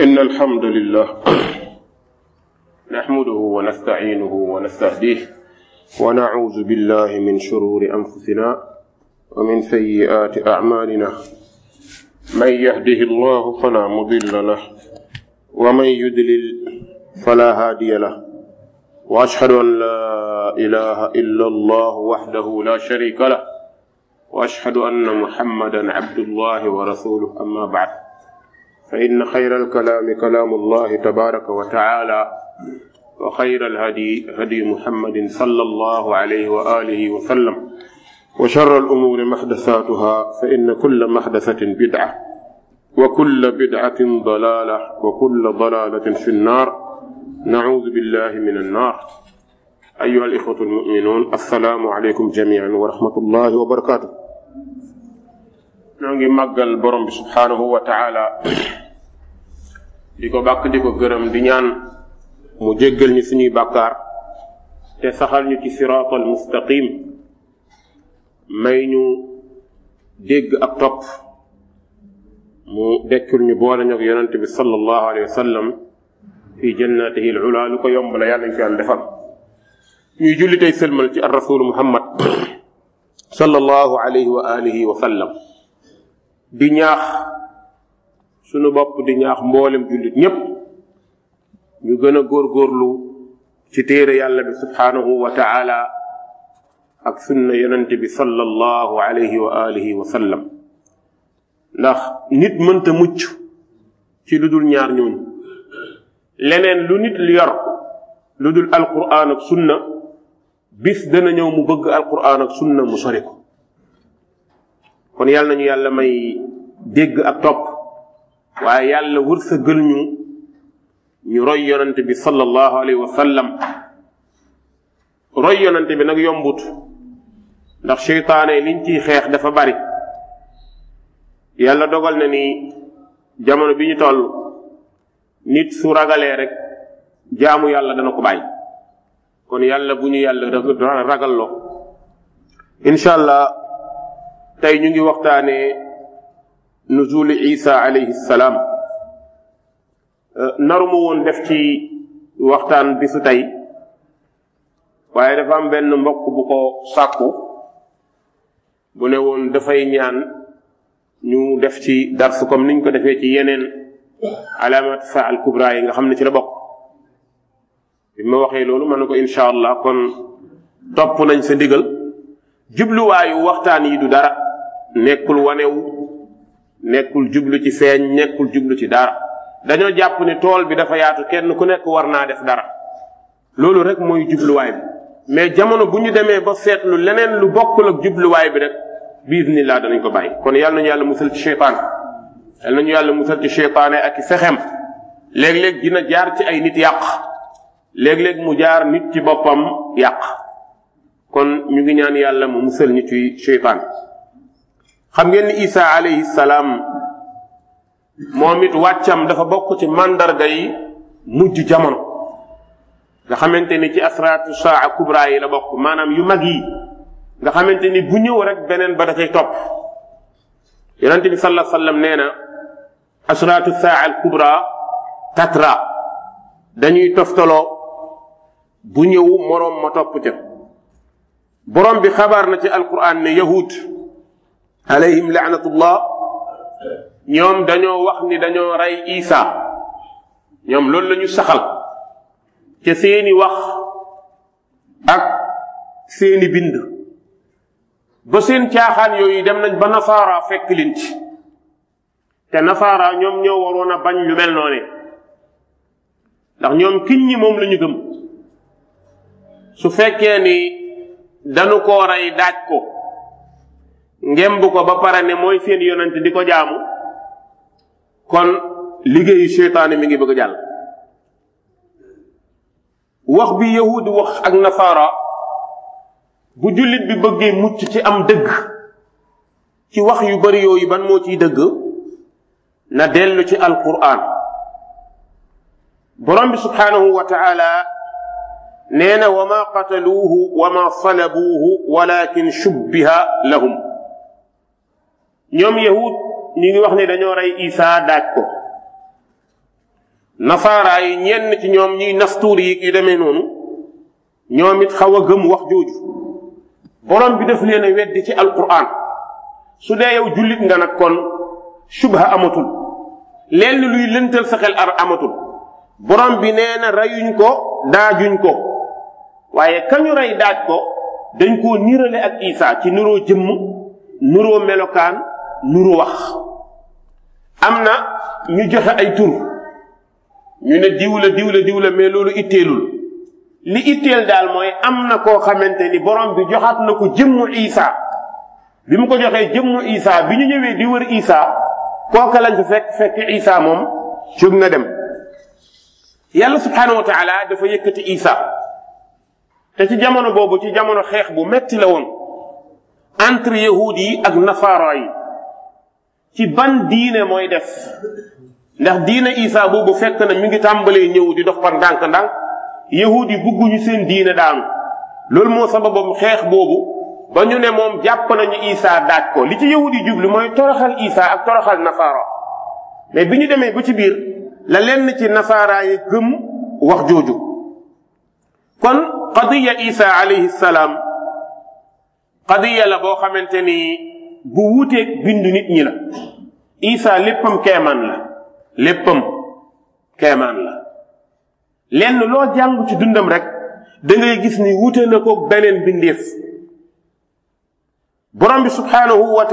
إن الحمد لله نحمده ونستعينه ونستهديه ونعوذ بالله من شرور أنفسنا ومن سيئات أعمالنا من يهده الله فلا مضل له ومن يدلل فلا هادي له وأشهد أن لا إله إلا الله وحده لا شريك له وأشهد أن محمدا عبد الله ورسوله أما بعد فإن خير الكلام كلام الله تبارك وتعالى وخير الهدي هدي محمد صلى الله عليه وآله وسلم وشر الأمور محدثاتها فإن كل محدثة بدعة وكل بدعة ضلالة وكل ضلالة في النار نعوذ بالله من النار أيها الإخوة المؤمنون السلام عليكم جميعا ورحمة الله وبركاته نعم مقل برم سبحانه وتعالى diko bak diko di gërëm di ñaan mu jéggal ñu suñuy bakkar te saxal ñu ci siratal mustaqim may ñu dégg ak topp mu dekkul ñu boole ñok yonente bi sallallahu alayhi wasallam fi jannatihi alula lu ko yomb la yàlla ñu fi yàlla defal ñuy julli tay sëlmal ci ar rasul muhammad sallallahu alayhi wa alihi wa sallam di ñaax sunu bopp di ñaax mboolem jullit ñépp ñu gën a góorgóorlu ci téere yàlla bi subhanahu wa taala ak sunna yonente bi sallallahu alayhi wa alihi wa sallam ndax nit mënta mucc ci lu dul ñaar ñooñu leneen lu nit yor lu dul alquran ak sunna bis dana ñëw mu bëgg alquran ak sunna mu sori ko kon yàlla nañu yàlla may dégg ak topp waaye yàlla wërsëgal ñu ñu roy yonent bi sallallahu alayhi wa sallam roy yonent bi nag yombut ndax yi niñ ciy xeex dafa bari yàlla dogal na ni jamono bi ñu toll nit su ragalee rek jaamu yàlla dana ko bàyyi kon yàlla bu ñu yàlla ragalloo incha allah tey ñu ngi waxtaanee. nuzul isa alayhi salam narumu woon def ci waxtaan bisu tey waaye dafa am benn mbokk bu ko sàkku bu ne woon dafay ñaan ñu def ci dars comme niñ ko defee ci yeneen alamat fa al kubra yi nga xam ne ci la bokk bi ma waxee loolu ma ne ko insha allah kon topp nañ sa ndigal jubluwaayu waxtaan yi du dara nekkul wanewu nekkul jublu ci feeñ nekkul jublu ci dara dañoo jàpp ni tool bi dafa yaatu kenn ku nekk war naa def dara loolu rek mooy jubluwaay bi mais jamono bu ñu demee ba seetlu leneen lu bokkul ak jubluwaay bi rek biiznillah danañ ko bàyyi kon yàlla nañu yàlla musal ci cheytaan yàlla nañu yàlla musal ci cheytaane ak i fexem léeg-léeg dina jaar ci ay nit yàq léeg mu jaar nit ci boppam yàq kon ñu ngi ñaan yàlla mu musal ñu ci cheytaan xam ngeen ni isa alayhi salaam moom it wàccam dafa bokk ci mandarga yi mujj jamono nga xamante ni ci asratu saa kubra yi la bokk maanaam yu mag yi nga xamante ni bu ñëw rek beneen ba da cay topp yonente bi sallallahu alayhi wasallam nee na saa al kubra tatra dañuy toftaloo bu ñëw moroom ma topp ca borom bi xabaar na ci alquran ne yahud alayhim laanatullah ñoom dañoo wax ni dañoo rey Isa ñoom loolu lañu ñu saxal ca seeni wax ak seeni bind ba seen caaxaan yooyu dem nañ ba nasaara fekk leen ci te nasaara ñoom ñoo waroon a bañ lu mel noone ndax ñoom kiñ ñi moom la ñu su fekkee ni dañu ko rey daaj ko ngem bu ko ba pare ne mooy seen yonent di ko jaamu kon liggéeyu seytaane mi ngi bëgg jàll wax bi yahud wax ak nasara bu jullit bi bëggee mucc ci am dëgg ci wax yu bari yooyu ban moo ciy dëgg na dellu ci alquran borom bi subhanahu wa taala nee wama qataluhu wama salabuhu walakin shubbiha lahum ñoom yahud ñu ngi wax ni dañoo rey Isa daaj ko nasaara yi ñenn ci ñoom ñuy nastuur yi yu demee noonu ñoom it xaw a gëm wax jooju borom bi def leen a ci alquran su dee yow jullit nga nag kon subha amatul lenn luy lëntal sa xel ar amatul borom bi nee na reyuñ ko daajuñ ko waaye kañu rey daaj ko dañ koo niirale ak isaa ci niroo jëmm nuroo melokaan nuru wax am na ñu joxe ay tur ñu ne diw la diw la diw la mais loolu itteelul li itteel daal mooy am na koo xamante ni borom bi joxaat na ko jëmmu isa bi mu ko joxee jëmmu isa bi ñu ñëwee di wër isa kooka lañ fa fekk fekk isa moom jóg na dem yàlla subhanahu wa taala dafa yëkkati isa te ci jamono boobu ci jamono xeex bu metti la woon entre yahudi yi ak nasaara yi ci ban diine mooy def ndax diine Isa boobu fekk na mi ngi tàmbalee ñëw di dox par ndànk-ndànk yahud yi bugguñu seen diine daanu loolu moo sababam xeex boobu ba ñu ne moom jàpp nañu Isa daaj ko li ci yahud yi jublu mooy toroxal Isa ak toroxal nasaara mais bi ñu demee ba ci biir la lenn ci nasaara yi gëm wax jooju kon qadiya Isa alayhi salaam qadiya la boo xamante ni. bu wuuteeg bindu nit ñi la isa léppam keemaan la léppam keemaan la lenn loo jàng ci dundam rek dangay gis ni wuute na ko beneen bindeef borom bi subhaanahu wa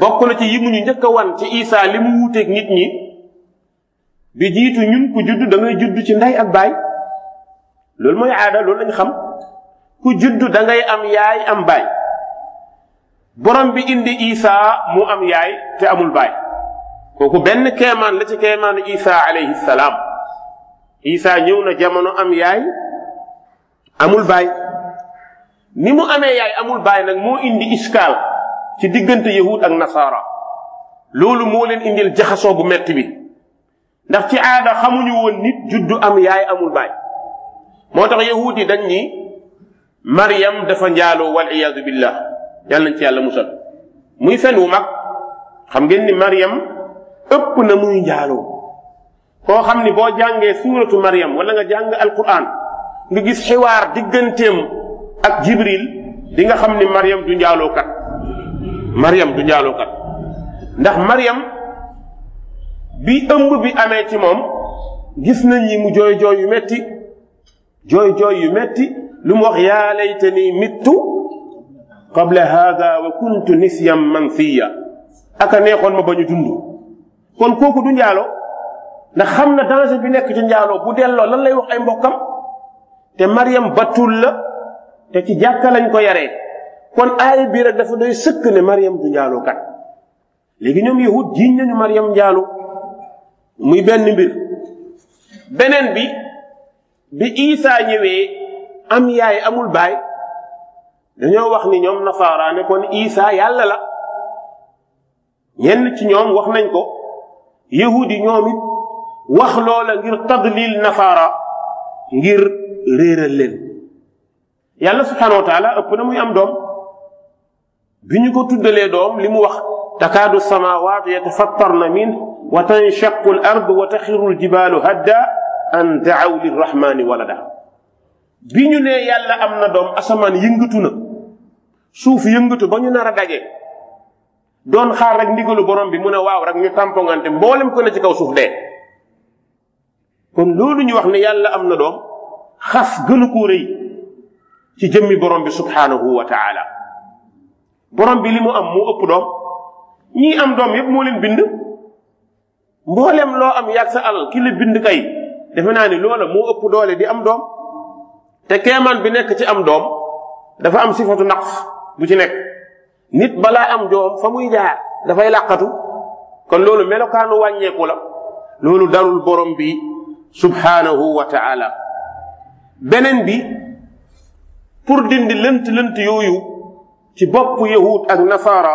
bokk na ci yi mu ñu njëkk a wan ci isa li mu wuuteeg nit ñi bi jiitu ñun ku judd da judd ci ndey ak baay loolu mooy aada loolu lañ xam ku judd dangay am yaay am baay borom bi indi isa mu am yaay te amul baay kooku benn keemaan la ci keemaanu isa alayhi salaam isa ñëw na jamono am yaay amul baay ni mu amee yaay amul baay nag moo indi iskaal ci diggante yahud ak nasara loolu moo leen indil jaxasoo bu metti bi ndax ci aada xamuñu woon nit juddu am yaay amul baay moo tax yahud yi dañ ni maryam dafa njaaloo wal iyadu billah yàlla nañ ci yàlla musal muy fen wu mag xam ngeen ni Mariam ëpp na muy njaaloo koo xam ni boo jàngee suuratu Mariam wala nga jàng alkuraan nga gis xiwaar digganteem ak Jibril di nga xam ni Mariam du njaalookat mariyam du njaalookat ndax Mariam bi ëmb bi amee ci moom gis nañ ni mu jooy jooy yu metti jooy jooy yu metti lu mu wax yaa laytani mittu qabla hada wa kuntu nisyan mansiya aka neexoon ma bañu dund kon kooku du njaalo ndax xam na danger bi nekk ci njaalo bu delloo lan lay wax ay mbokkam te mariyam battul la te ci jàkka lañ ko yare kon aaya bii rek dafa doy sëkk ne Mariam du njaaloo kat léegi ñoom yahud jiñ nañu Mariam njaalo muy benn mbir beneen bi bi Isa ñëwee am yaay amul baay dañoo wax ni ñoom nasaara ne kon isa yàlla la ñenn ci ñoom wax nañ ko yahudi ñoom it wax loola ngir tadlil nasaara ngir réeral leen yàlla subhanahu wa taala ëpp na muy am doom bi ñu ko tuddalee doom li mu wax samawat تكاد السماوات يتفطرن منه وتنشق الأرض وتخر الجبال هدا أن دعوا للرحمن walada bi ñu ne yàlla am na doom asamaan yëngatu na suuf yëngatu ba ñu nar a daje doon xaar rek ndigalu borom bi mu ne waaw rek ñu tampongante mboolem ko ne ci kaw suuf dee kon loolu ñu wax ne yàlla am na doom xas gënu ko yi ci jëmmi borom bi subhaanahu wa taala borom bi li mu am mu ëpp doom ñii am doom yépp moo leen bind mboolem loo am yàgg sa alal ki bind kay defe naa ni loola moo ëpp doole di am doom te keemaan bi nekk ci am doom dafa am sifatu naqs bu ci nekk nit balaa am doom fa muy jaar dafay làqatu kon loolu melokaanu wàññeeku la loolu darul borom bi subhanahu wa taala beneen bi pour dindi lënt lënt yooyu ci bopp yahud ak nasaara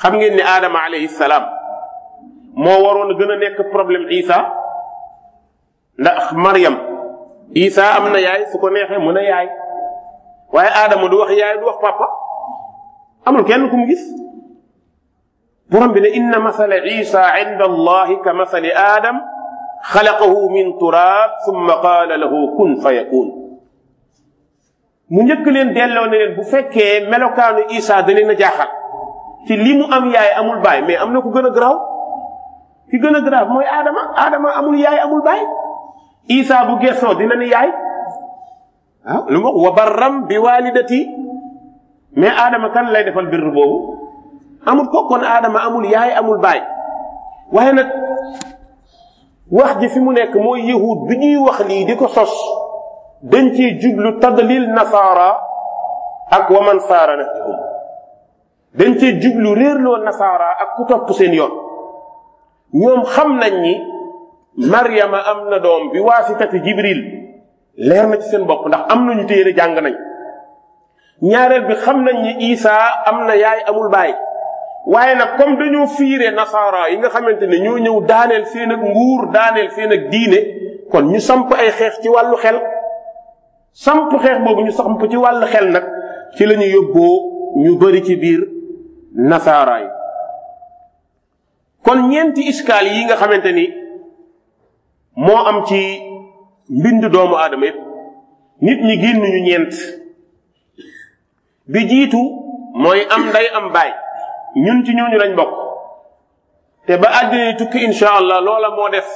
xam ngeen ni aadama alayhi salaam moo waroon gën a nekk problème isa ndax mariyam isa am na yaay su ko neexee mën a yaay waaye aadama du wax yaay du wax papa amul kenn ku mu gis borom bi ne inna masala isa inda allahi ka masali adam xalaqahu min turab summa qala lahu kun fayakun mu njëkk leen delloo ne leen bu fekkee melokaanu isa da leen a jaaxal ci li mu am yaay amul baay mais am na ku gën a garaaw ki gën a garaaw mooy aadama aadama amul yaay amul baay isa bu gessoo dina ni yaay لما وبرم بوالدتي ما آدم كان لا يدفع البر بو أمور كون آدم أمور ياي أمور باي وهنا واحد في منك مو يهود بني وخلي ديك صص دنتي جبل تضليل نصارى أك ومن صار نهجهم دنتي جبل ريرلو نصارى أك كتب كسينيون يوم خمنا ني مريم أمنا دوم بواسطة جبريل leer na ci seen bopp ndax am nañu téere jàng nañ ñaareel bi xam nañ ni isa am na yaay amul baay waaye nag comme dañoo fiire nasara yi nga xamante ne ñoo ñëw daaneel seen ak nguur daaneel seen ak diine kon ñu samp ay xeex ci wàllu xel samp xeex boobu ñu samp ci wàllu xel nag ci la ñu yóbboo ñu bëri ci biir nasara yi kon ñeenti iskaal yi nga xamante ni moo am ci mbind doomu aadama yëpp nit ñi génnuñu ñeent bi jiitu mooy am nday am baay ñun ci ñu lañ bokk te ba àddina tukki insha allah loola moo def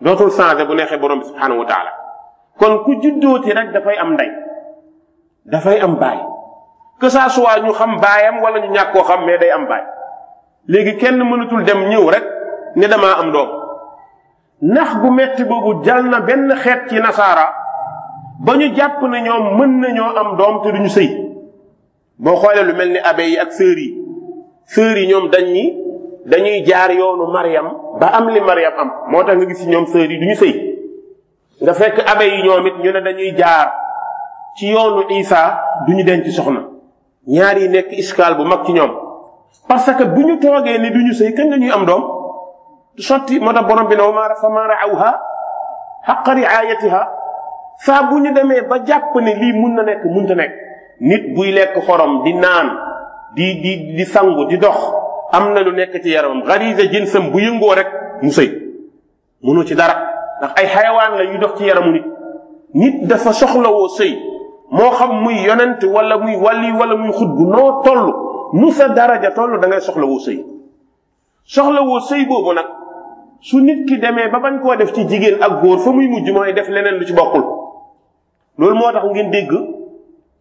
dootul changé bu neexee borom bi subhanahu wa kon ku juddooti rek dafay am ndey dafay am baay que ça ñu xam baayam wala ñu ñàkk koo xam mais day am baay léegi kenn mënatul dem ñëw rek ne damaa am doom nax bu metti boobu jal na benn xeet ci nasaara ba ñu jàpp na ñoom mën nañoo am doom te duñu sëy boo xoolee lu mel ni abe yi ak sœur yi sœur yi ñoom dañ ñi dañuy jaar yoonu Mariam ba am li Mariam am moo tax nga gis ci ñoom sœur yi duñu sëy nga fekk abe yi ñoom it ñu ne dañuy jaar ci yoonu Isa duñu denc soxna ñaar yi nekk iskaal bu mag ci ñoom parce que bu ñu toogee ni duñu sëy kañ la am doom du sotti moo tax borom bi ne wamaara fa maara awha xaqa saa bu ñu demee ba jàpp ne lii mun na nekk munta nekk nit buy lekk xorom di naan di di di sangu di dox am na lu nekk ci yaramam gariza jinsam bu yëngoo rek mu sëy mënoo ci dara ndax ay xayawaan la yu dox ci yaramu nit nit dafa soxlawoo sëy moo xam muy yonent wala muy wàlli wala muy xut bu noo toll nu sa daraja tollu da ngay soxlawoo sëy soxlawoo sëy boobu nag su nit ki demee ba bañ koo def ci jigéen ak góor fa muy mujj mooy def leneen lu ci bokkul loolu moo tax ngeen dégg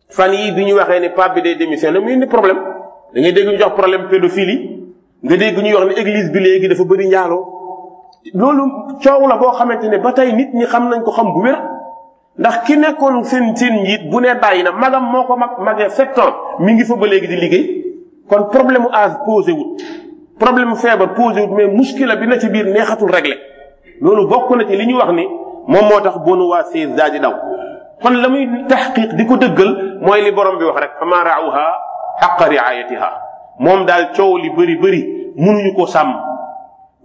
fan yii bi ñu waxee ne pape bi day la mu indi problème da ngay dégg ñu jox problème pédophilie nga dégg ñu yox ne église bi léegi dafa bëri njaaloo loolu coow la boo xamante ne ba tey nit ñi xam nañ ko xam bu wér ndax ki nekkoon seen seen njiit bu ne bàyyi na magam moo ko mag magee sept ans mi ngi fa ba léegi di liggéey kon problèm mu âge posé wut problème feebar posé wut mais muskila bi na ci biir neexatul régler loolu bokk na ci li ñu wax ni moom moo tax bonu waa sees daal di daw kon la muy taxqiq di ko dëggal mooy li borom bi wax rek fama raawha xaqa riayatiha moom daal coow li bëri bëri mënuñu ko sàmm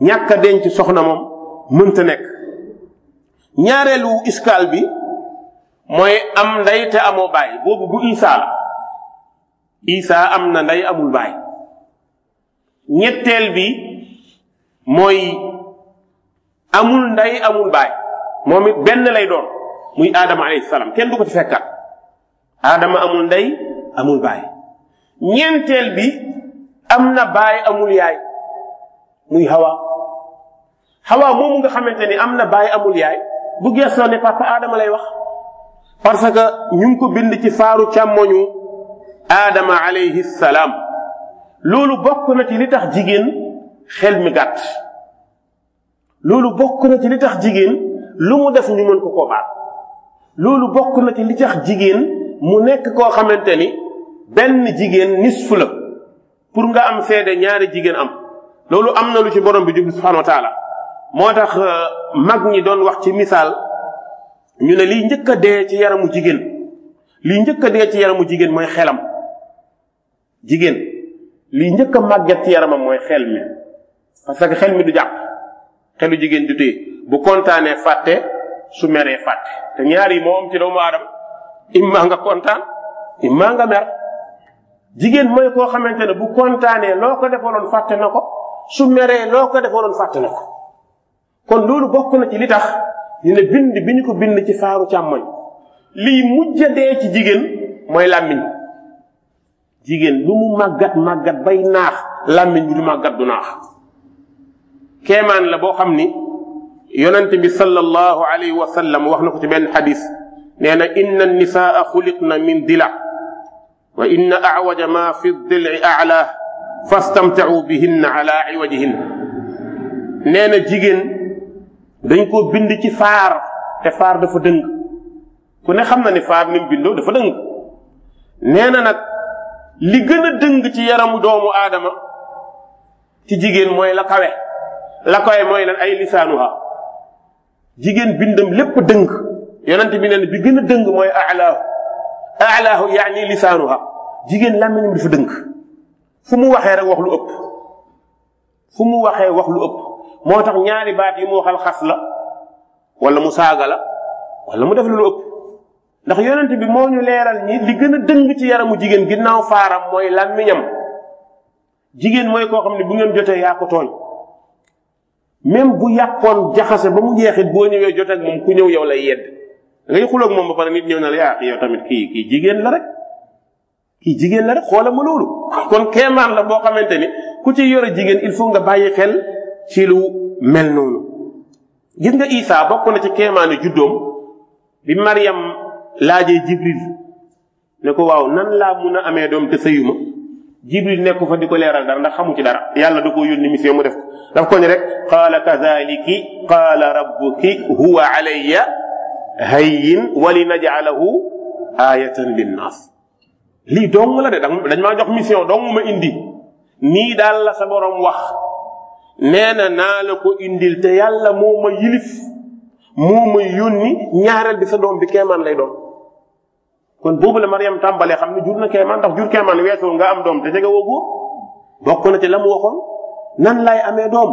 ñàkk a denc soxna moom mënta nekk ñaareelu iskaal bi mooy am ndey te amoo bàyyi boobu bu isaa la isaa am na ndey amul bàyyi ñetteel bi mooy amul ndey amul baay moom it benn lay doon muy aadama alayhi kenn du ko ci fekkaat aadama amul ndey amul baay ñeenteel bi am na baay amul yaay muy hawa hawa moom nga xamante ni am na baay amul yaay bu geesoo ne papa aadama lay wax parce que ñu ngi ko bind ci faaru càmmoñu aadama alayhi salaam loolu bokk na ci li tax jigéen xel mi gàtt loolu bokk na ci li tax jigéen lu mu def ñu mën ko koo baat loolu bokk na ci li tax jigéen mu nekk koo xamante ni benn jigéen nisfu la pour nga am seede ñaari jigéen am loolu am na lu ci borom bi jublu subhanahu moo tax euh, mag ñi doon wax ci misaal ñu ne liy njëkk a dee ci yaramu jigéen liy njëkk a dee ci yaramu jigéen mooy xelam jigéen lii njëkk a màgget ci yaramam mooy xel mi parce que xel mi du jàpp xelu jigéen du téye bu kontaanee fàtte su meree fàtte te ñaar yi moo ci doomu aadama imma nga kontaan imma nga mer jigéen mooy koo xamante ne bu kontaanee loo ko defaloon fàtte na ko su meree loo ko defaloon fàtte na ko kon loolu bokk na ci li tax ñu ne bind bi ñu ko bind ci faaru càmmoñ lii mujjadee ci jigéen mooy làmmiñ jigen lu mu magat magat bay nax lamin bu du magat du nax keman la bo xamni yonent bi sallallahu alayhi wa sallam waxna ko ci ben hadith neena inna an nisaa khuliqna min dila wa inna awaja ma fi dili ala fastamta'u bihin ala iwajihinna neena jigen dañ ko bind ci far te far dafa deung ku ne xamna ni far nim bindo dafa deung neena nak li gën a dëng ci yaramu doomu aadama ci jigéen mooy la kawe la kawe mooy lan ay lisaanuha jigéen bindam lépp dëng yonent bi neen bi gën a dëng mooy alaahu alaahu yaani lisaanuha jigéen làmmiñam dafa dëng fu mu waxee rek wax lu ëpp fu mu waxee wax lu ëpp moo tax ñaari baat yi mu waxal xas la wala mu saaga la wala mu def lu ëpp ndax yonent bi moo ñu leeral ni li gën a dëng ci yaramu jigéen ginnaaw faaram mooy làmmiñam jigéen mooy koo xam ne bu ngeen jotee yaa ko tooñ même bu yàqoon jaxase ba mu jeexit boo ñëwee jotee moom ku ñëw yow lay yedd ngay xuloog moom ba pare nit ñëw na la yaa ah, yow tamit kii jigéen la rek kii jigéen la rek xoola ma loolu kon keemaan la boo xamante ni ku ci yore jigéen il faut nga bàyyi xel ci lu mel noonu gis nga Isa bokk na ci keemaani juddoom bi Mariam laajé jibril ne ko waaw nan laa mun a amee doom te sëyuma jibril nekk fa di ko leeral dara ndax xamu ci dara yàlla da ko yónni mission mu def ko daf ko ne rek qaala kadaliki qaala rabbuki huwa alayya hayyin naj'alahu ayatan linnaas lii dong la de dañ maa jox mission dong ma indi nii daal la sa borom wax nee na naa la ko indil te yàlla moo ma yilif moo ma yónni ñaareel bi sa doom bi keemaan lay doon kon boobu la Mariam tàmbalee xam ne jur na keemaan ndax jur keemaan weesoo nga am doom te jege woo góor bokk na ci la mu waxoon nan laay amee doom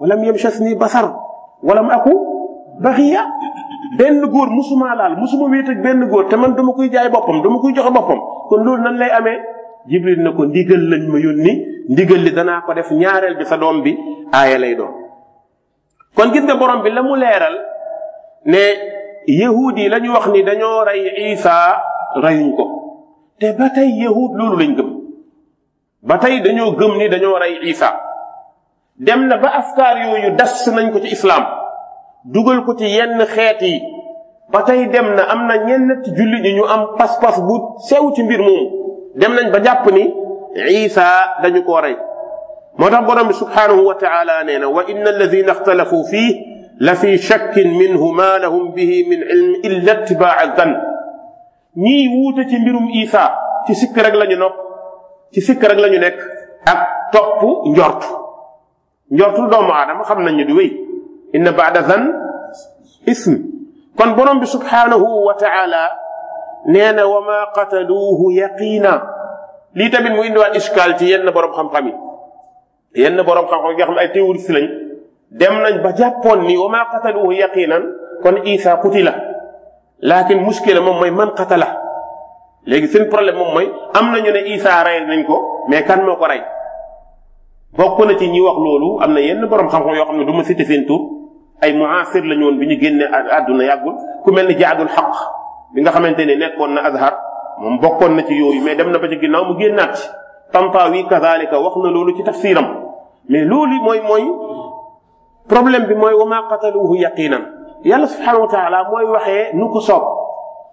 walam yamsasni basar walam aku baxiya benn góor musuma laal musuma wéet ak benn góor te man dama koy jaay boppam dama koy joxe boppam kon loolu nan lay amee jibril na ko ndigal lañ ma yónni ndigal li danaa ko def ñaareel bi sa doom bi aaya lay doon kon gis nga borom bi la mu leeral ne yahud yi lañu wax ni dañoo rey isa reyuñ ko te ba tey yahud loolu lañ gëm ba tey dañoo gëm ni dañoo rey isa dem na ba afkaar yooyu das nañ ko ci islam dugal ko ci yenn xeet yi ba tey dem na am na ñenn ci julli ñi ñu am pas-pas bu sew ci mbir moomu dem nañ ba jàpp ni isa dañu ko rey moo tax borom bi subhanahu wa taala nee na wa inna alladina ixtalafu fii لفي شك منه ما لهم به من علم إلا اتباع الظن ني ووتا تي ميروم عيسى تي سيك رك لا ني نوب تي سيك رك لا ني نيك اك توپ نجورت نجورت دوم ادم خام نان ني وي ان بعد ظن اسم كون بروم بي سبحانه وتعالى نانا وما قتلوه يقينا لي تامين مو اندوال اشكال تي ين بروم خام خامي ين بروم خام خام اي تيوريست لاني dem nañ ba jàppoon ni wa maa qataluhu yaqinan kon isa qutila lakin muskila moom mooy man qatala léegi seen problème moom mooy am nañu ne isa rey nañ ko mais kan moo ko rey bokk na ci ñi wax loolu am na yenn borom xam yoo xam ne du ma cité seen tur ay muasir la ñu woon bi ñu génnee àdduna yàggul ku mel ni jaadul xaq bi nga xamante ne nekkoon na azhar moom bokkoon na ci yooyu mais dem na ba ci ginnaaw mu génnaat ci tantaawi kazalika wax na loolu ci tafsiram mais loolu mooy mooy problème bi mooy wa maa qataluhu yaqinan yàlla subhanahu wa mooy waxee nu ko soob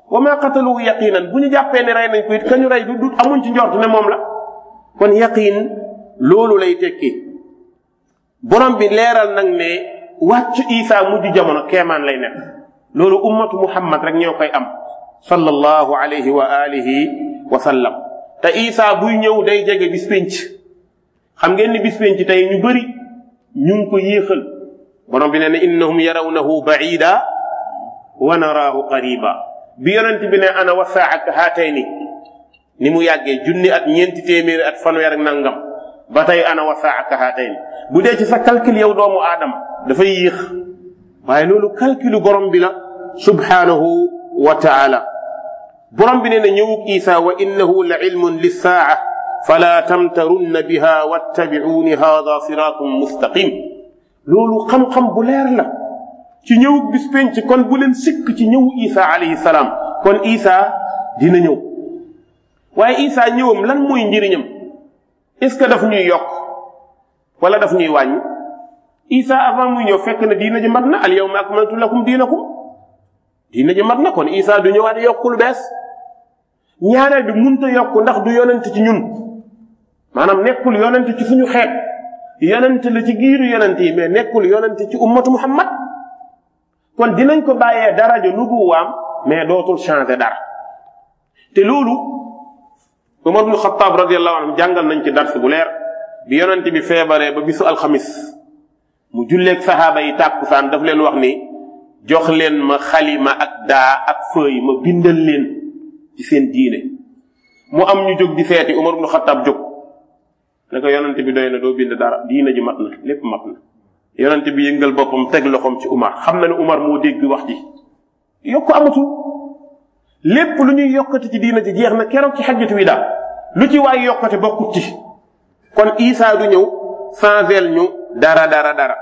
wa maa qataluhu yaqinan bu ñu jàppee ne rey nañ ko it ka ñu rey du du moom la kon yaqin loolu lay tekki borom bi leeral nag ne wàccu mujj jamono keemaan lay nekk loolu ummatu muhammad rek ñoo koy am sallallahu alayhi wa alihi wa sallam te Isa buy ñëw day jege bis pénc xam ngeen ni bis pénc tey ñu bëri ñu ngi ko yéexal borom bi nee na innahum yarawnahu baida wa naraahu qariba bi yonent bi ne ana wasaak haatayni ni mu yàggee junni at ñeenti téeméeri at fanweer ak nangam ba tey ana wasaak haatayni bu dee ci sa calcul yow doomu aadama dafay yéex waaye loolu calculu borom bi la subhanahu wa taala borom bi nee ñëwuk isa wa innahu la ilmun lissaaca fala tamtarunna biha wattabicuuni هذا صراط مستقيم loolu xam-xam bu leer la ci ñëw bis penc kon bu leen sikk ci ñëw Isa alayhi salaam kon Isa dina ñëw waaye Isa ñëwam lan mooy njëriñam est-ce que daf ñuy yokk wala daf ñuy wàññi Isa avant muy ñëw fekk na diina ji mat na al yawma akmaltu lakum diinakum diina ji mat na kon Isa du ñëwaat yokkul lu bees ñaareel bi mënut a yokk ndax du yonent ci ñun maanaam nekkul yonent ci suñu xeet. yonent la ci giiru yonent yi mais nekkul yonent ci ummatu muhammad kon dinañ ko bàyyee daraja nubuwaam mais dootul changer dara te loolu umar bnu xataab radiallahu anhu jàngal nañ ci dars bu leer bi yonent bi feebaree ba bisu alxamis mu julleeg sahaaba yi tàkku saan daf leen wax ni jox leen ma xalima ak daa ak fëy ma bindal leen ci seen diine mu am ñu jóg di seeti umar bnu xataab jóg naka yonante bi doy na doo bind dara diina ji mat na lépp mat na yonante bi yëngal boppam teg loxom ci Umar xam na ne Umar moo dégg wax ji yokk amatul lépp lu ñuy yokkati ci diina ji jeex na keroog ci xajjatu wi daal lu ci waay yokkate bokkut ci kon Isa du ñëw sans vel ñu dara dara dara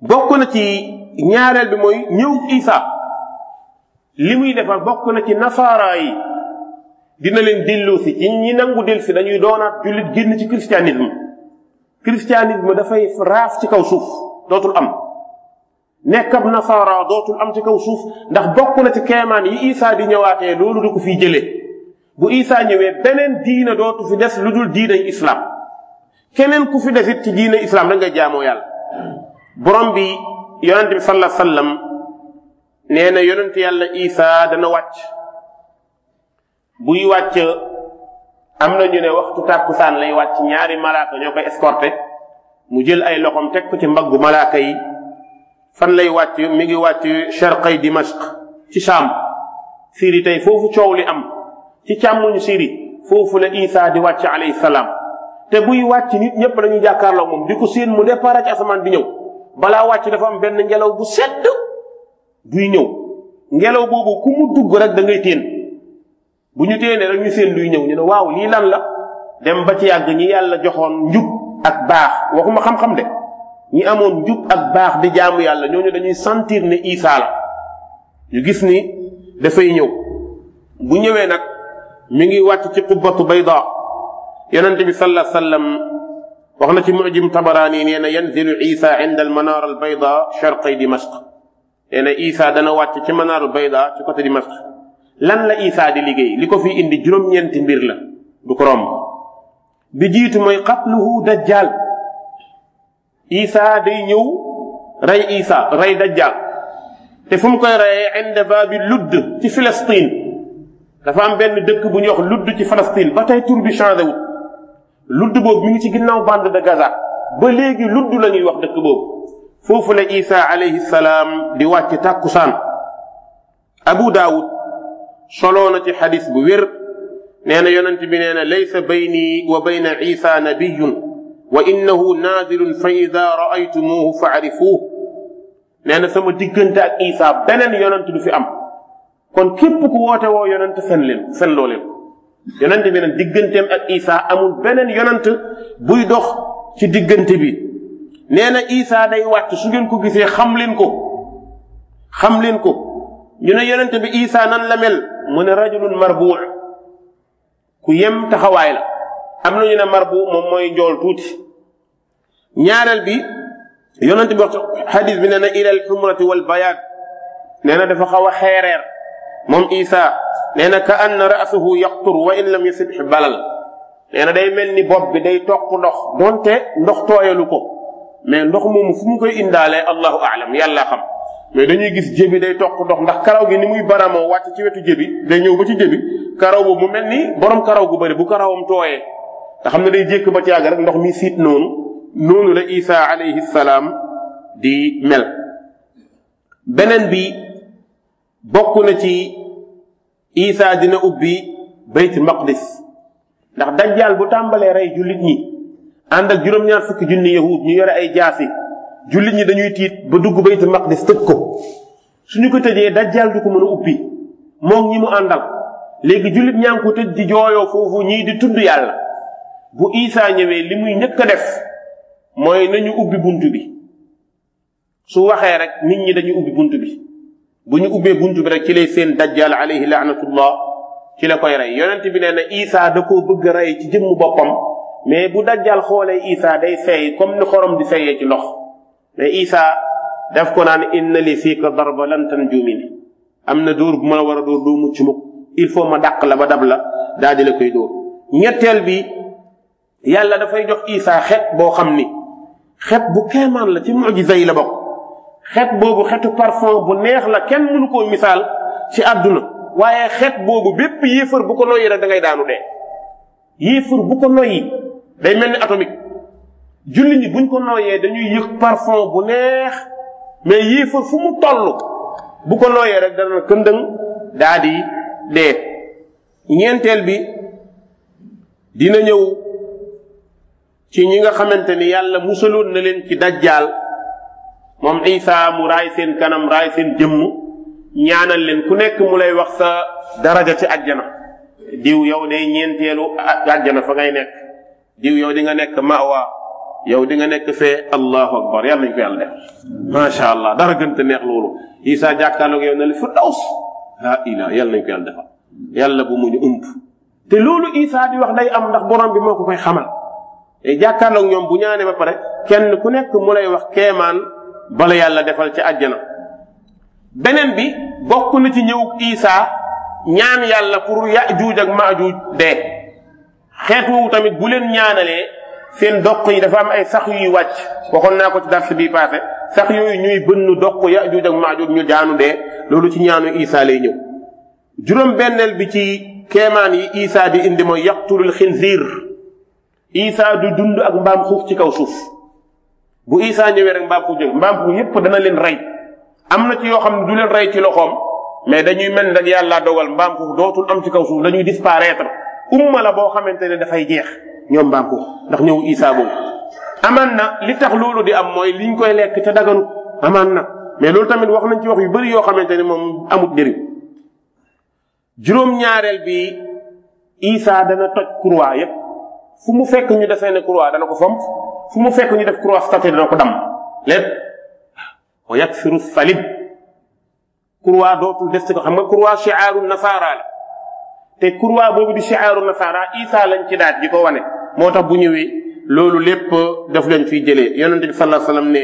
bokk na ci ñaareel bi mooy ñëw Isa li muy defar bokk na ci nasaara yi dina leen delloosi ci ñi nangu del si dañuy doonaat julit génn ci christianisme christianisme dafay raaf ci kaw suuf dootul am nekkab nasara dootul am ci kaw suuf ndax bokk na ci keemaan yi isa di ñëwaatee loolu du ko fiy jëlee bu isa ñëwee beneen diina dootu fi des lu dul diinay islam keneen ku fi desit ci diina islam da nga jaamoo yàlla borom bi yonente bi sallallahu alayhi wasallam nee na yonente yàlla isa dana wàcc buy wàcc am na ñu ne waxtu tàkkusaan lay wàcc ñaari malaaka ñoo koy escorté mu jël ay loxom teg ko ci mbaggu malaaka yi fan lay wàcc mi ngi wàcc sharqay dimashq ci sham siri tey foofu coow li am ci càmmuñ siri foofu la isa di wàcc alayhi salaam te buy wàcc nit ñëpp dañu jàkkaarloo moom di ko séen mu départ ak asamaan bi ñëw balaa wàcc dafa am benn ngelaw bu sedd buy ñëw ngelaw boobu ku mu dugg rek da ngay teen bu ñu téene rek ñu seen luy ñëw ñu ne waaw lii lan la dem ba ci yàgg ñi yàlla joxoon njub ak baax waxuma xam-xam de ñi amoon njub ak baax di jaamu yàlla ñooñu dañuy sentir ne isaa la ñu gis ni dafay ñëw bu ñëwee nag mi ngi wàcc ci qubbatu bayda yonente bi sala sallam wax na ci mujim tabarani nee na yanzilu isa inda ينزل albayda عند المنار nee na isa dana wàcc ci واتي منار ci côté دمشق lan la Isa di liggéey li ko fi indi juróom-ñeenti mbir la du bi jiitu mooy xatluhu dajjal Isa day ñëw rey Isa rey dajjal te fu mu koy reyee inde baabi ludd ci Filastin dafa am benn dëkk bu ñuy wax ludd ci Filastin ba tey tur bi changé wut ludd boobu mi ngi ci ginnaaw bande de Gaza ba léegi ludd lañuy wax dëkk boobu foofu la iisa alayhi salaam di wàcc tàkkusaan Abu Daawud solo na ci hadith bu wér neena yonent bi neena laysa bayni wa bayna isa nabiyun wa innahu nazilun fa idha ra'aytumuhu fa'rifuhu neena sama diggante ak isa benen yonent du fi am kon kep ku wote wo yonent fen len fen lo len yonent bi nag digeuntem ak isa amul benen yonent buy dox ci digeunte bi neena isa day wàcc su ngeen ko gisee xam leen ko xam leen ko ñu ne yonent bi isa nan la mel mu ne rajulun marbuu ku yem taxawaay la am na ñu ne marbu moom mooy njool tuuti ñaareel bi yonent bi wax xadis bi nee na ila alxumrati bayaat nee na dafa xaw a xeereer moom isa nee na ka anna rasuhu yaqtur wa in lam yusibx balal nee na day mel ni bopp bi day toq ndox donte ndox tooyalu ko mais ndox moomu fu mu koy indaalee allahu aalam yàlla xam mais dañuy gis jébi day toq ndox ndax karaw gi ni muy baramoo wàcc ci wetu jébi day ñëw ba ci jébi karaw boobu mu mel ni boroom karaw gu bëri bu karawam tooyee te xam ne day jékk ba ci yàgg rek ndox mi siit noonu noonu la isa alayhi salaam di mel beneen bi bokk na ci isa dina ubbi baytul maqdis ndax dajjaal bu tàmbalee rey jullit ñi ànd ak juróom-ñaar fukki junni yahud ñu yore ay jaasi jullit ñi dañuy tiit ba dugg baytu maqdis tëj ko suñu ko tëjee dajjal du ko mën a uppi moom ñi mu àndal léegi jullit ñaa ngi ko tëj di jooyoo foofu ñii di tudd yàlla bu Isaa ñëwee li muy njëkk a def mooy nañu ubbi bunt bi su waxee rek nit ñi dañuy ubbi bunt bi bu ñu ubbee bunt bi rek ci lay seen dajjal alayhi laanatullah ci la koy rey yonent bi nee na Isaa da koo bëgg rey ci jëmmu boppam mais bu dajjaal xoolee Isaa day seey comme ni xorom di seeyee ci ndox te isa def ko naan inna li fiika darba lan tanju min am na dóor bu ma la war a dóor doo mucc mukk il faut ma dàq la ba dab la daal di la koy dóor ñetteel bi yàlla dafay jox isa xet boo xam ni xet bu keemaan la ci mujisa yi la bokk xet boobu xetu parfum bu neex la kenn mënu koo misaal ci àdduna waaye xet boobu bépp yéefar bu ko noyyi rek da ngay daanu dee yéefar bu ko noyyi day mel ni atomique julli ñi buñ ko nooyee dañuy yëg parfum bu neex mais yii fu mu toll bu ko nooyee rek dana këndëng daadi di dee ñeenteel bi dina ñëw ci ñi nga xamante ni yàlla musaloon la leen ci dajjaal moom Isa mu raay seen kanam raay seen jëmm ñaanal leen ku nekk mu lay wax sa daraja ci àjjana diw yow day ñeenteelu àjjana fa ngay nekk diw yow di nga nekk mawa yow di nga nekk fee allahu akbar yàlla nañu ko yàlla def macha allah dara gën te neex loolu Isa jàkkaarloog yow na li fa daws laa ilaa yàlla nañu ko yàlla defal yàlla bu mu ñu ump te loolu Isa di wax day am ndax borom bi moo ko koy xamal te jàkkaarloog ñoom bu ñaanee ba pare kenn ku nekk mu lay wax keemaan bala yàlla defal ci àjjana beneen bi bokk na ci ñëw Isa ñaan yàlla pour yajuuj ak maajuuj dee xeet woowu tamit bu leen ñaanalee. seen dokk yi dafa am ay sax yuy wàcc waxoon naa ko ci dars bii paase sax yooyu ñuy bënn dokk ya juuj ak maajuuj ñu daanu dee loolu ci ñaanu isa lay ñëw juróom benneel bi ci keemaan yi isa di indi mooy yaqtulul xinziir isa du dund ak mbaam xuuf ci kaw suuf bu isa ñëwee rek mbaam xuuf jëg mbaam xuuf yépp dana leen rey am na ci yoo xam ne du leen rey ci loxoom mais dañuy mel rek yàlla dogal mbaam xuuf dootul am ci kaw suuf dañuy disparaître umma la boo xamante ne dafay jeex ñoom mbanku ndax ñëw isaa boobu amaan na li tax loolu di am mooy liñ koy lekk te daganu amaan na mais loolu tamit wax nañ ci wax yu bëri yoo xamante ne moom amut njëriñ juróom-ñaareel bi isaa dana toj croix yépp fu mu fekk ñu defee ne croix dana ko fomp fu mu fekk ñu def croix statue dana ko dam lépp wa yakfiru salib croix dootul des ci ko xam nga croix shi'aaru nasaara la te croix boobu di shi'aaru nasaara isaa lañ ci daaj di ko wane motax bu ñewé lolu lepp daf leen fi jëlé yonnati bi sallallahu alayhi wasallam ne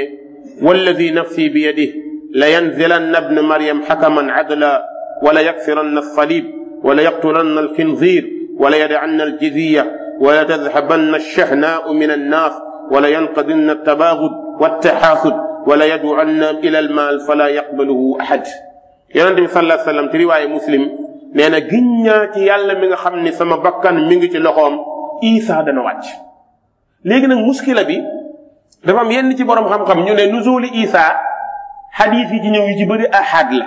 walladhi nafsi bi yadihi la yanzilan ibn maryam hakaman ولا يكثرن الصليب ولا يقتلن الخنزير ولا يدعن الجزية ولا تذهبن الشحناء من الناس ولا ينقذن التباغض والتحاسد ولا يدعن إلى المال فلا يقبله أحد يرد صلى الله عليه وسلم في رواية مسلم نينا جنيا تيالا من خمني سما بكان من جيت لخوم Isa dana wàcc léegi nag muskila bi dafa am yenn ci borom xam-xam ñu ne nuzuli Isa xadiis yi ci ñëw yu ci bëri ahad la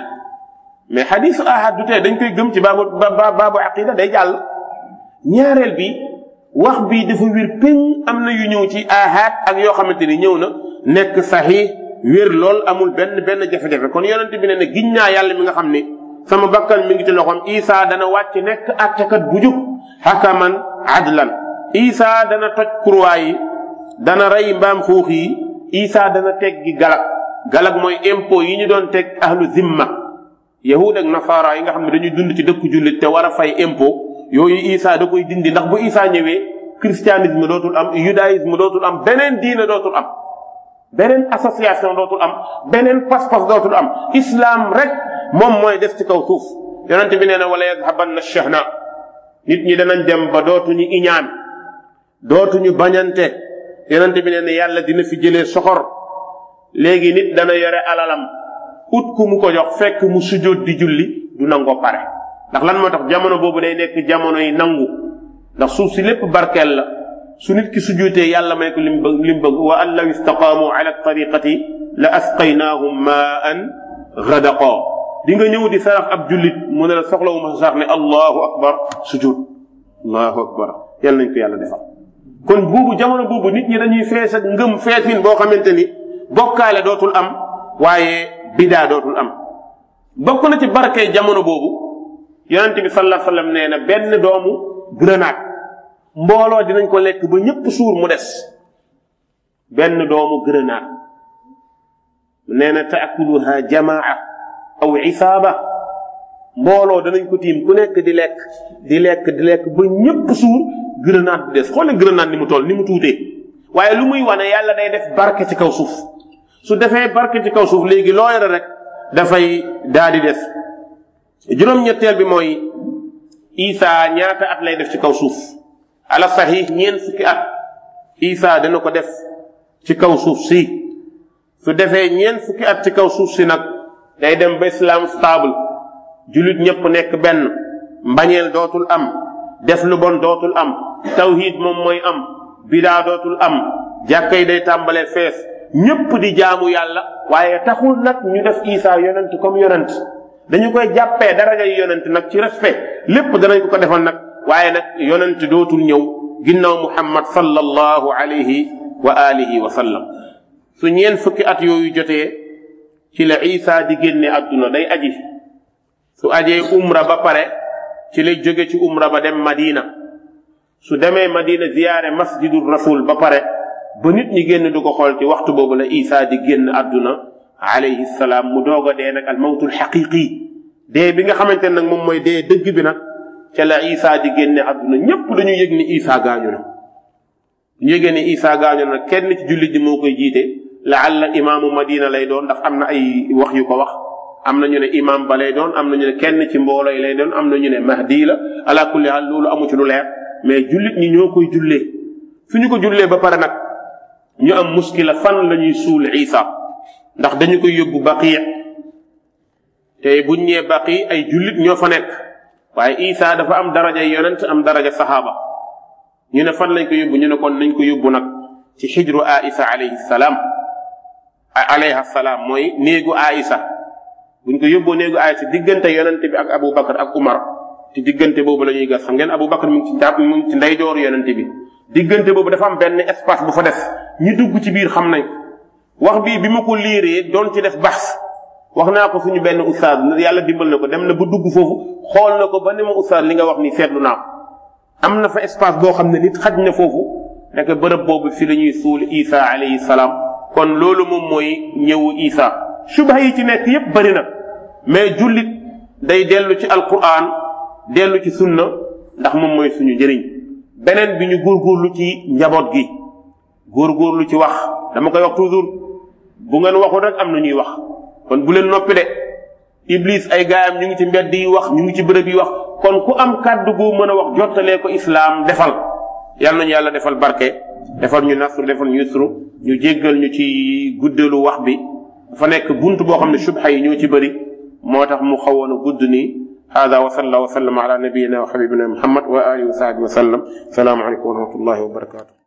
mais xadiisu ahad du tee dañ koy gëm ci baabu baabu aqida de jàll ñaareel bi wax bi dafa wér péng am na yu ñëw ci ahad ak yoo xamante ni ñëw na nekk saxiix wér lool amul benn benn jafe-jafe kon yonent bi ne ne giñ naa yàlla mi nga xam ne sama bakkan mi ngi ci loxoom Isa dana wàcc nekk àttekat bu jub hakaman adlan Isa dana toj kurwaa yi dana rey mbaam xuux yi Isa dana teggi galag galag mooy impôt yi ñu doon teg ahlu zimma yahud ak nasaara yi nga xam ne dañuy dund ci dëkku jullit te war a fay impôt yooyu Isa da koy dindi ndax bu Isa ñëwee christianisme dootul am judaïsme dootul am beneen diina dootul am. beneen association dootul am beneen pas-pas dootul am islam rek moom mooy def ci kaw suuf yonent bi nee na wala yadhabanna shahna nit ñi danañ dem ba dootuñu iñaan dootuñu bañante yonent bi ne ne yàlla dina fi jëlee soxor léegi nit dana yore alalam ut ku mu ko jox fekk mu sujjóot di julli du nango pare ndax lan moo tax jamono boobu day nekk jamono yi nangu ndax suuf si lépp barkeel la su nit ki sujjóotee yàlla may ko lim lim bëgg wa an law istaqaamu ala tariqati la asqaynahum maan gadaqa di nga ñëw di sarax ab jullit mu ne la soxlawuma sax ne allahu akbar sujud allahu akbar yàlla nañ ko yàlla defal kon buubu jamono buubu nit ñi dañuy fees ak ngëm feesin boo xamante ni bokkaale dootul am waaye bidaa dootul am bokk na ci barkay jamono boobu yonent bi sallallahu sallam nee na benn doomu grenade mbooloo dinañ ko lekk ba ñëpp suur mu des benn doomu grenade nee na taakuluha jamaa aw isaaba mbooloo danañ ko tiim ku nekk di lekk di lekk di lekk ba ñëpp suur grenade bi des xoole grenade ni mu toll ni mu tuutee waaye lu muy wane yàlla day def barke ci kaw suuf su defee barke ci kaw suuf léegi loo yore dafay daal di des juróom bi mooy Isa ñaata at lay def ci kaw suuf ala saxiix ñeent fukki at Isa dana ko def ci kaw suuf si su defee ñeent fukki at ci kaw suuf si nag day dem ba islam stable julit ñëpp nek ben mbagnel dootul am def lu bon dootul am tawhid mom moy am bidaa dootul am jakkay day tàmbale fess ñëpp di jaamu yàlla waye taxul nak ñu def isa yonent comme yonent dañu koy jappé dara daraja yonent nak ci respect lépp dañ ko defal nak waye nak yonent dootul ñëw ginnaw muhammad sallallahu alayhi wa alihi wa sallam su ñeen fukki at yoyu jotee ci la isa di génne aduna day aji su ajee umra ba pare ci lay jóge ci umra ba dem madina su demee madina ziyaare masjidul rasul ba pare ba nit ñi génn du ko xool ci waxtu boobu la isaa di génn àdduna alayhi salaam mu doog a dee nag al mawtul dee bi nga xamante ne nag moom mooy dee dëgg bi nag ca la isa di génne àdduna ñépp dañu yëg ni isa gaañu na ñu yëgee ni isa gaañu na kenn ci jullit ji moo koy jiite laalla imaamu madina lay doon ndax am na ay wax yu ko wax am na ñu ne imam ba lay doon am na ñu ne kenn ci mbooloo yi lay doon am na ñu ne mahdi la ala kulli haal loolu amu ci lu leer mais jullit ñi ñoo koy jullee su ñu ko jullee ba pare nag ñu am muskila fan lañuy ñuy suul isa ndax dañu koy yóbbu baqi te buñ ñee baqi ay jullit ñoo fa nekk waaye isa dafa am daraja yonent am daraja saxaaba ñu ne fan lañ ko yóbbu ñu ne kon nañ ko yóbbu nag ci xijru aisa alayhi salaam alayha salaam mooy néegu aisa buñ ko yóbboo néegu aay ci diggante yonente bi ak abou bakar ak umar ci diggante boobu la ñuy gas xam ngeen abou bakar mu ngi ci jàpp mu ngi ci ndeyjoor yonente bi diggante boobu dafa am benn espace bu fa def ñi dugg ci biir xam nañ wax bii bi ma ko liiree doon ci def bax wax naa ko suñu benn ustaad yàlla dimbal na ko dem na ba dugg foofu xool na ko ba ne ma ustaad li nga wax ni seetlu naa ko am na fa espace boo xam ne nit xaj na foofu nekk bërëb boobu fi la ñuy suul isa alayhi salaam kon loolu moom mooy ñëwu isa subaha yi ci nekk yépp bëri na mais jullit day dellu ci alquran dellu ci sunna ndax moom mooy suñu njëriñ beneen bi ñu góorgóorlu ci njaboot gi góorgóorlu ci wax dama koy wax toujours bu ngeen waxul rek am na ñuy wax kon bu leen noppi de iblis ay gaayam ñu ngi ci mbedd yi wax ñu ngi ci bërëb yi wax kon ku am kàddu gu mën a wax jottalee ko islaam defal yàlla nañu yàlla defal barke defal ñu nasru defal ñu yusru ñu jéggal ñu ci guddeelu wax bi fa nekk bunt boo xam ne subha yi ñoo ci bëri moo tax mu xawoon gudd nii هذا وصلى الله وسلم على نبينا وحبيبنا محمد وآله وصحبه وسلم السلام عليكم ورحمة الله وبركاته